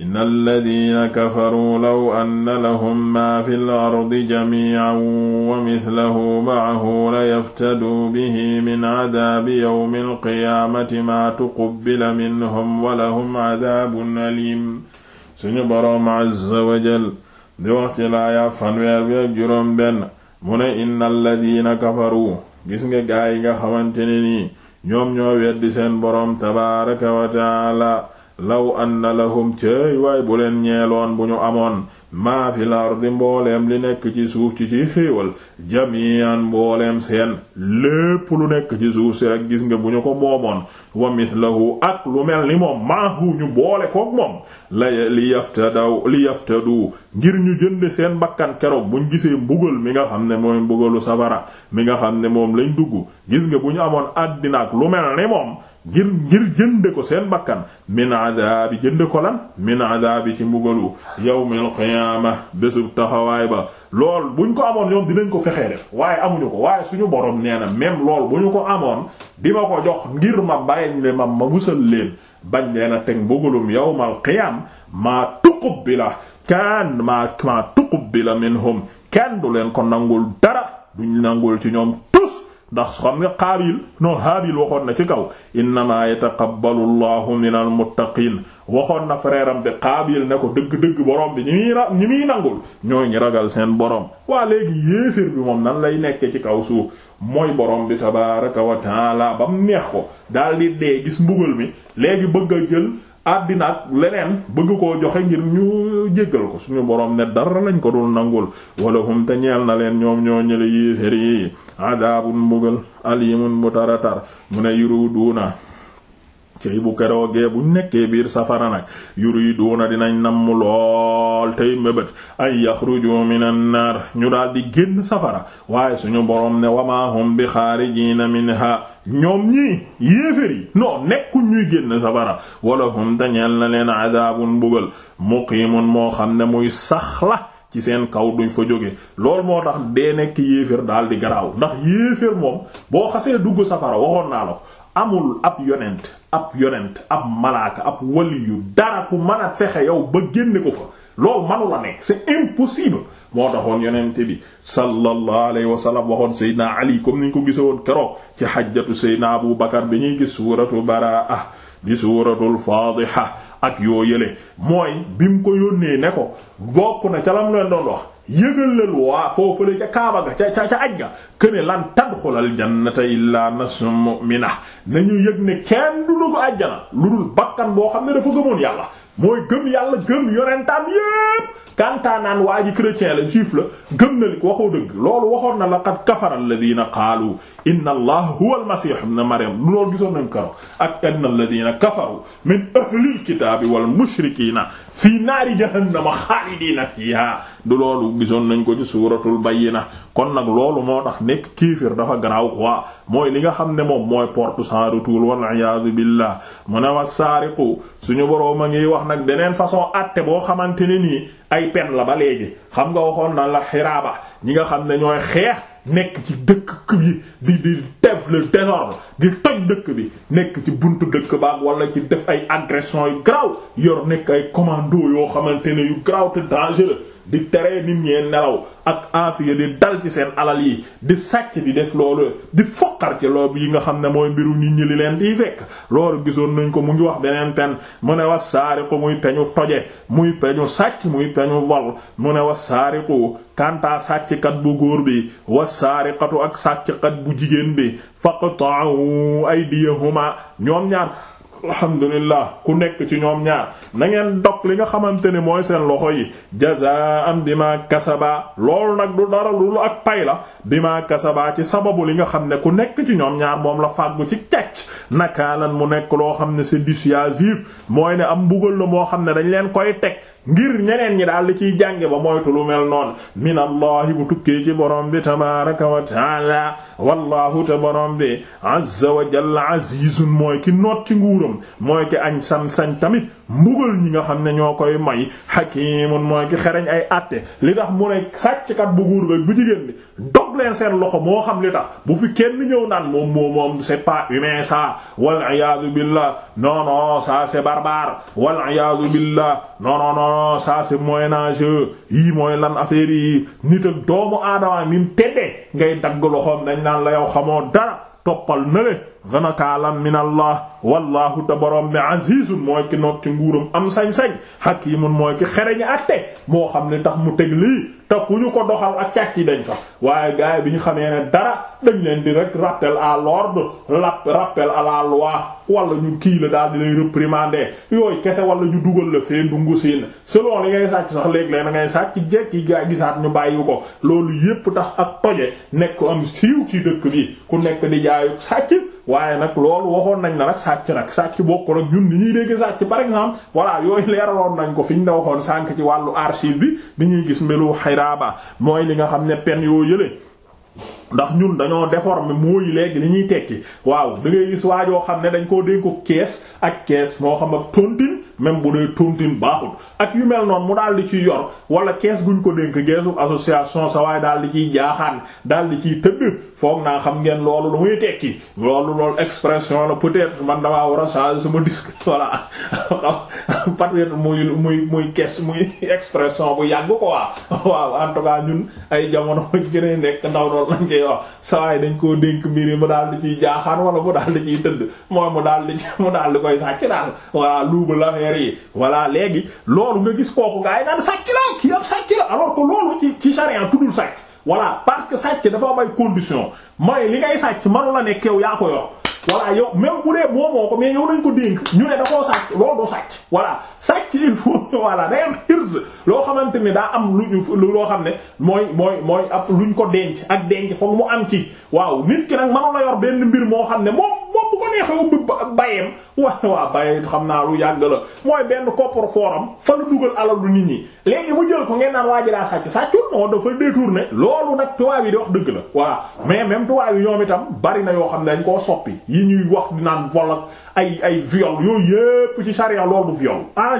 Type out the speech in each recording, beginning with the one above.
inna alladina kafaruu law anna lahum maa fi lardi jamiican wa mithlahu macahu la yaftaduu bihi min cadaabi yowmi alqiyaamati maa tuqubbila minhum wa lahum cadaabun aliim suñu boroom azza wa jal di wax ci laaya fanweer bi ak juróom benn mu ne inna alladina kafaru gis nga gaay yi nga xamante ne nii ñoom ñoo weddi seen boroom tabaaraka wa taala law anna lahum cëy waay bu leen ñeeloon bu ñu amoon maa fi lardi mbooleem li nekk ci suuf ci ci xéewal jamian mbooleem seen lépp lu nekk ci suuf si rek gis nga bu ñu ko moomoon wamis mithlahu ak lu mel ni moom maahu ñu boole kook moom la li yaftadu ngir ñu jënd seen bakkan keroog buñ gisee mbugal mi nga xam ne mooy mbugalu safara mi nga xam ne moom lañ dugg gis nga bu ñu amoon àddina ak lu mel ni moom ngir ngir jënde ko seen bakkan min adaabi jënde ko lan min adaabi ci mbugalu yawmil qiyaama bésub taxawaay ba lool buñ ko amoon ñoom dinañ ko fexee def waaye amuñu ko waaye suñu borom nee na même lool bu ñu ko amoon di ma ko jox ngir ma bàyyi ne ma ma musal leen bañ leen a teg mbugalum la qiyaam maa tuqbila kaan maa maa tuqbila minhum kenn du leen ko nangul dara duñ nangul ci ñoom ndax xam nga xaabil non haabil waxoon na ci kaw innamaa yataqabbalu llahu min al muttaqiin waxoon na frère am bi xaabil ne ko dëgg-dëgg borom bi ñi muy ra ñi muy nangul ñoo ñi ragal seen borom waa léegi yéeféer bi moom nan lay nekke ci kaw suuf mooy borom bi tabaaraka wa taala ba mu neex ko daal di dee gis mbugal mi léegi bëgg a jël àddina ak leneen bëgg koo joxe ngir ñu jéggal ko suñu borom ne dara lañ ko dul nangul walahum te ñeel na leen ñoom ñoo ñële yéefér yi adabun mbugal alimun bu taratar mu ne yuru duuna cey bu keroogee buñ nekkee biir safara nag yuriduuna dinañ namm lool tey mbébét ay yaxruju minan naar ñu daal di génn safara waaye suñu borom ne wamaahum bi xaarijiina minha ñoom ñii yéefér yi non nekkuñ ñuy génn safara wala hum tañeel na leen adaabun bugal muqiimun moo xam ne muy saxla ci seen kaw duñ fa jóge lool moo tax dee nekk yéefér daal di garaaw ndax yéefér moom boo xasee dugg safara waxoon naa la ko amul ab yonent ab yonent ab malaaka ab waliyu dara ku mën a fexe yow ba génne ko fa loolu manu la nekk c'est impossible moo taxoon yonente bi sallallahu alayhi wa sallam waxoon Seydina Ali comme niñ ko gise woon keroog ci xajjatu Seydina Abu Bakar bi ñuy gis suuratu baraa di suuratul faadiha ak yoo yële mooy bi mu ko yónnee ne ko bokk na ca lam leen doon wax yëgalal waa foofale ca Kaaba ga ca ca ca aj ga këne lan tadxulal jannata illaa nafsun mu'mina nañu yëg ne kenn du lu ko ajjana lu dul bakkan boo xam ne dafa gëmoon yàlla mooy gëm yàlla gëm yonentam yépp kantaanaan waa ji chrétien la juif la gëm na li ko waxoo dëgg loolu waxoon na laqad kafara alladina qaalu inna allaha huwa almasih ibn maryam du loolu gisoon nañ karo ak inna alladina kafaru min ahlil kitaabi wal mushrikiina fii naari jahannama xaalidiina fiihaa du loolu gisoon nañ ko ci suuratul bayyina kon nag loolu moo tax nekk kiifir dafa garaaw quoi mooy li nga xam ne moom mooy porte sans retour wal iyaadu billah mu ne wa saariqu suñu boroom a ngi wax nag beneen façon àtte boo xamante ne nii ay pen la ba léegi xam nga waxoon na la xiraaba ñi nga xam ne ñooy xeex nekk ci dëkk bi di di def le désordre di toj dëkk bi nekk ci buntu dëkk baag wala ci def ay agression yu graw yor nekk ay commando yoo xamante ne yu graw te dangereux di teree nit ñee nelaw ak anfiya di dal ci seen alal yi di sàcc di def loolu di foqar ci loolu yi nga xam ne mooy mbiru nit ñi li leen di fekk loolu gisoon nañ ko mu ngi wax beneen pen mu ne wa saariqu muy peñu toje muy peñu sàcc muy peñu vol mu ne wa saariqu kanta sàcckat bu góor bi wa saariqatu ak sàcckat bu jigéen bi faqta'u aydiyahuma ñoom ñaar alhamdulillah ku nekk ci ñoom ñaar nangeen ngeen dog li nga xamante ne mooy seen loxo yi am jazaan bima kasaba loolu nag du dara lu ak pay la bi bima kasaba ci sababu li nga xam ne ku nekk ci ñoom ñaar moom la fàggu ci càcc nakaalan mu nekk loo xam ne c'est dissuasif mooy ne am mbugal la moo xam ne dañ leen koy teg ngir ñeneen ñi daal li ciy jànge ba moytu lu mel noon noonu minallahi bu tukkee ci borom bi tabaraka wa taala wallahu te borom bi azza wa jalla azizun mooy ki noot mbugalam mooy ki añ san sañ tamit mbugal ñi nga xam ne ñoo koy moy hakimun mooy ki xereñ ay àtte li tax mu ne sàcckat bu góor ba bu jigéen bi dog leen seen loxo moo xam li tax bu fi kenn ñëw naan moom moom moom se pas humain ça wal iyaadu billah non non ça c'est barbare wal iyaadu billah non non non ça c'est moyen âge yii mooy lan affaire yi nit ak doomu aadama ni mu teddee ngay dagg loxoom dañ naan la yow xamoo dara toppal na le gana kaalam min wallahu te borom bi azizun mooy ki noog ci nguuram am sañ-sañ hakimun mooy ki xereñi atte moo xam ne tax mu teg lii te fu ñu ko doxal ak càcc yi dañ fa waaye gars bi ñu xamee ne dara dañ leen di rek rappel à l'ordre rappel à la loi wala ñu kii la daal di lay réprimander yooyu kese wala ñu dugal la fee ndungu siin selon li ngay sàcc sax léeg-léeg da ngay sàcc jekki gaa gisaat ñu bàyyi ko loolu yépp tax ak toje nekk am siiw ci dëkk bi ku nekk di jaayu sàcc waaye nag loolu waxoon nañ la nag sàcc nag sàcc bokkul ak ñun ni ñuy dégg sàcc par exemple voilà yooyu leeraloon nañ ko fi ñu la waxoon sànk ci wàllu archive bi di ñuy gis mbiru xiraaba mooy li nga xam ne pen yoo yële ndax ñun dañoo déformé mooy léegi li ñuy tekki waaw da ngay gis waajoo xam ne dañ koo dénk ko kees ak kees moo xam ak tontine même bu dee tontine baaxul ak yu mel noonu mu daal di ciy yor wala kees guñ ko dénk geesu association sa waaye daal di ciy jaaxaan daal di ciy tëdd foog naa xam ngeen loolu lu muy tekki loolu loolu expression la peut-être man damaa war a changer sama disque voilà peut-être muy muy muy kees muy expression bu yàgg ko waaw waaw en ñun ay jamono gën a nekk ndaw loolu lañ nekkee wax sawaay dañ koo dénk mbir yi mu daal di ciy jaaxaan wala mu daal di ciy tëdd mooy mu daal di mu daal di koy sàcc daal voilà luuba l'affaire yi voilà léegi loolu nga gis kooku gaa yi naan sàcc la kii ab sàcc la alors que loolu ci ci charia tuddul sàcc voilà parce que sàcc dafa am ay condition mooy li ngay sàcc manu la nekk yaa ko yor voilà yow même bu dee moomoo ko mais yow lañ ko dénk ñu ne da koo sàcc loolu du sàcc voilà sàcc il faut voilà day am hirz loo xamante ni daa am lu ñu loo xam ne mooy mooy mooy ab luñ ko denc ak denc foog mu am ci waaw nit ki nag mënu a yor benn mbir moo xam ne moom neexewu bi bayeem waa waa baye xam naa lu yàgg la mooy benn koppar fooram fa la dugal alal lu nit ñi léegi mu jël ko ngeen naan waa ji daa sàcc sàccul non dafa détourné loolu nag tubaab yi di wax dëgg la voilà mais même tubaab yi ñoom itam bari na yoo xam ne dañ koo soppi yi ñuy wax di naan ay ay viol yooyu yépp ci charia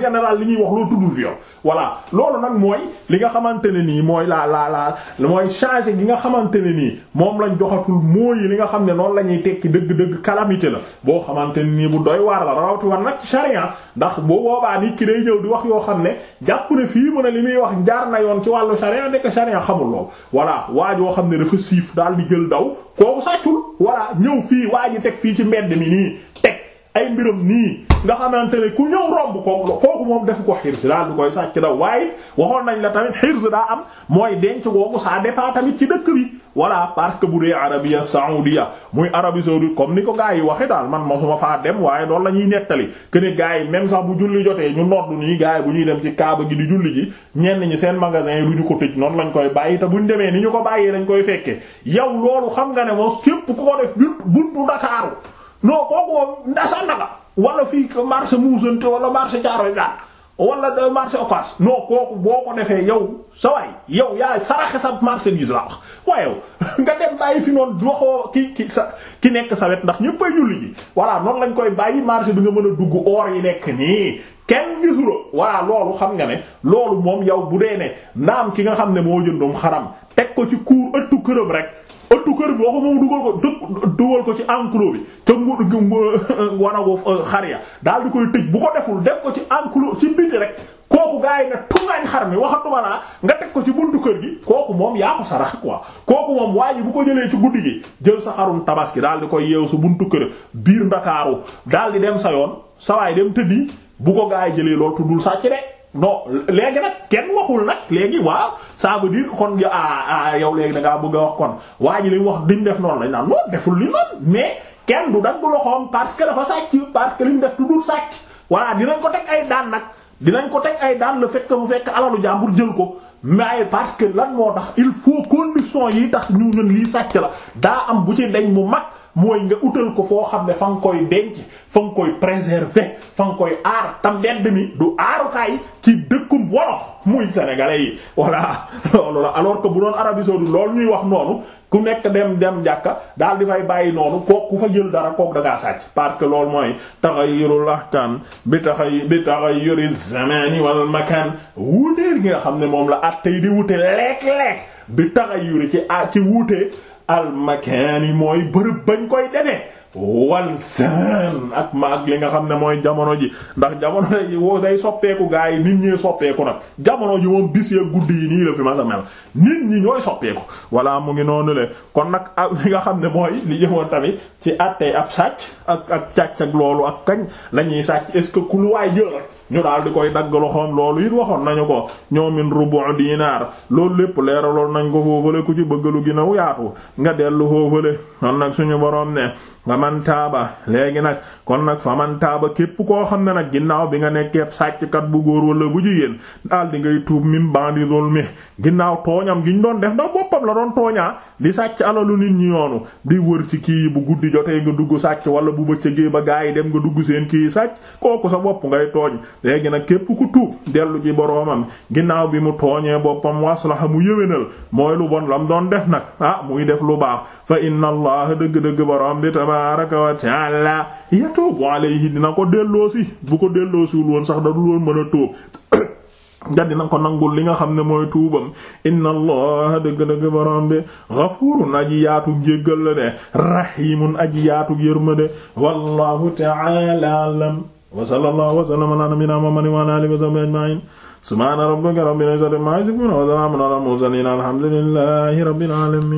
général li ñuy wax loolu tuddul viol voilà loolu nag mooy li nga xamante ne nii mooy la la la mooy changer gi nga xamante ne nii moom lañ joxatul mooy li nga xam ne noonu la ñuy tekki dëgg-dëgg calamité la boo xamante nii bu doy waar la rawati war nag ci sharia ndax bu woobaa ni ki day ñëw di wax yoo xam ne jàpp ne fii mu ne li muy wax jaar na yoon ci wàllu sharia nekk sharia xamul lool voilà waa joo xam ne dafa siif daal di jël daw kooku sàccul voilà ñëw fii waa ji teg fii ci mbedd mi nii teg ay mbiram nii nga xamante ne ku ñëw romb ko kooku moom def ko xirs daal di koy sàcc daw waaye waxoon nañ la tamit xirs daa am mooy denc googu ça dépend tamit ci dëkk bi voilà parce que bu dee arabia saoudia muy Arabie saoudite comme ni ko gaa yi waxe daal man mosuma faa dem waaye loolu la ñuy nettali que ne gaa yi sax bu julli jotee ñu noddu nii gaa bu ñuy dem ci kaaba gi di julli ji ñenn ñi seen magasin yi du ñu ko tëj noonu lañ koy bàyyi te buñ demee ni ñu ko bàyyee lañ koy fekkee yow loolu xam nga ne moos képp ku ko def buntu Ndakaaru non kooku moom ndasa wala fii marché muusante wala marché Thiaroye Gare wala de marché Ocass non kooku boo ko defee yow sa waay yow yaa saraxe sa marchandise la wax waaye nga dem bàyyi fi noonu doxoo ki ki sa ki nekk sa ndax ñëpp ay julli ji voilà lañ koy bàyyi marché bi nga mën a dugg or yi nekk nii kenn gisu la voilà loolu xam nga ne loolu moom yow bu dee ne naam ki nga xam ne moo jëndoom xaram teg ko ci kuur ëttu këram rek. ëttu kër bi waxuma mu dugal ko dëkk dugal ko ci enclos bi te mu wanagu euh, xar ya daal di koy tëj bu ko deful def ko ci enclos ci biti rek kooku gaa yi ne tungaañ xar mi waxatuma nga teg ko ci buntu kër gi kooku moom yaa ko sarax quoi kooku moom waa bu ko jëlee ci guddi gi jël sa xarum tabaski daal di koy yeew sa buntu kër biir ndakaaru daal di dem sa yoon sawaay dem tëddi bu ko gaa yi jëlee lool tuddul sàcc de non léegi nag kenn waxul nag léegi waaw ça veut dire kon ah, ah yow léegi dangaa bëgg a wax kon waa ji li wax diñ def noonu lañ naan non deful li noonu mais kenn du dagg loxoom parce que dafa sàcc parce que li ñu def tuddul sàcc waa dinañ ko teg ay daan nag dinañ ko teg ay daan le fait que fekk alalu jàmbur jël ko mais parce que lan moo tax il faut condition yi tax ñu ñun lii sàcc la daa am bu ci dañ mu mag. mooy nga utal ko foo xam ne fa nga koy denc fa nga koy préserver fa nga koy aar tam mbedd mi du aarukaay ci dëkkum wolof muy sénégalais yi voilà loolu la alors que bu doon arabi saoudite loolu ñuy wax noonu ku nekk dem dem jàkka daal di fay bàyyi noonu kook ku fa jël dara kook da ngaa sàcc parce que loolu mooy taxayurul ahkam bi taxay bi taxayuri zamani wal makan wuuteel gi nga xam ne moom la at tey di wute léeg-léeg bi taxayuri ci a ci wuute al makaani mooy bërëb bañ koy defee wal zaan ak maag li nga xam ne mooy jamono ji ndax jamono ji woo day soppeeku gaa yi nit ñee soppeeku nag jamono ji moom bis guddi yi nii la fi ma sa mel nit ñi ñooy soppeeku walla mu ngi noonu le kon nag ah, li nga xam ne mooy li jëmoon tamit ci àttee ab sàcc ak ak càcc ak loolu ak kañ lañuy sàcc est-ce que ku lu waay jël ñu daal di koy dagg loxoom loolu it waxoon nañu ko ñoo ñoomin rubu' diinaar loolu lépp leeraloon nañ ko foofale ku ci bëgg lu gën a yaatu nga dellu foofale kon nag suñu boroom ne nga man taaba léegi nag kon nag fa man taaba képp koo xam ne nag ginnaaw bi nga nekkee sàcckat bu góor wala bu jigéen daal di ngay tuub min bandi zulmi ginnaaw tooñam gi ñu doon def ndax boppam la doon tooñaa di sàcc alalu nit ñi yoonu di wër ci kii bu guddi jotee nga dugg sàcc wala bu bëccëgee ba gaa yi dem nga dugg seen kii sàcc kooku sa bopp ngay tooñ léegi nag képp ku tuub dellu ci boroomam ginnaaw bi mu tooñee boppam waslaha mu yëwénal mooy lu bon lam doon def nag ah muy def lu baax fa inna allaha dëgg-dëgg boroom bi tabaraka wa taala yatuubu alayhi dina ko delloosi bu ko delloosiwul woon sax da dul woon mën ko nangul li nga xam ne mooy tuubam inna allah dëgg-dëgg borom bi ghafurun de wallahu ta'ala wa sallallahu wa sallama ala nabiyyina muhammadin wa ala alihi wa sahbihi ajma'in subhana rabbika rabbil izzati amma yasifun wa salamun ala mursalin alhamdulillahi rabbil alamin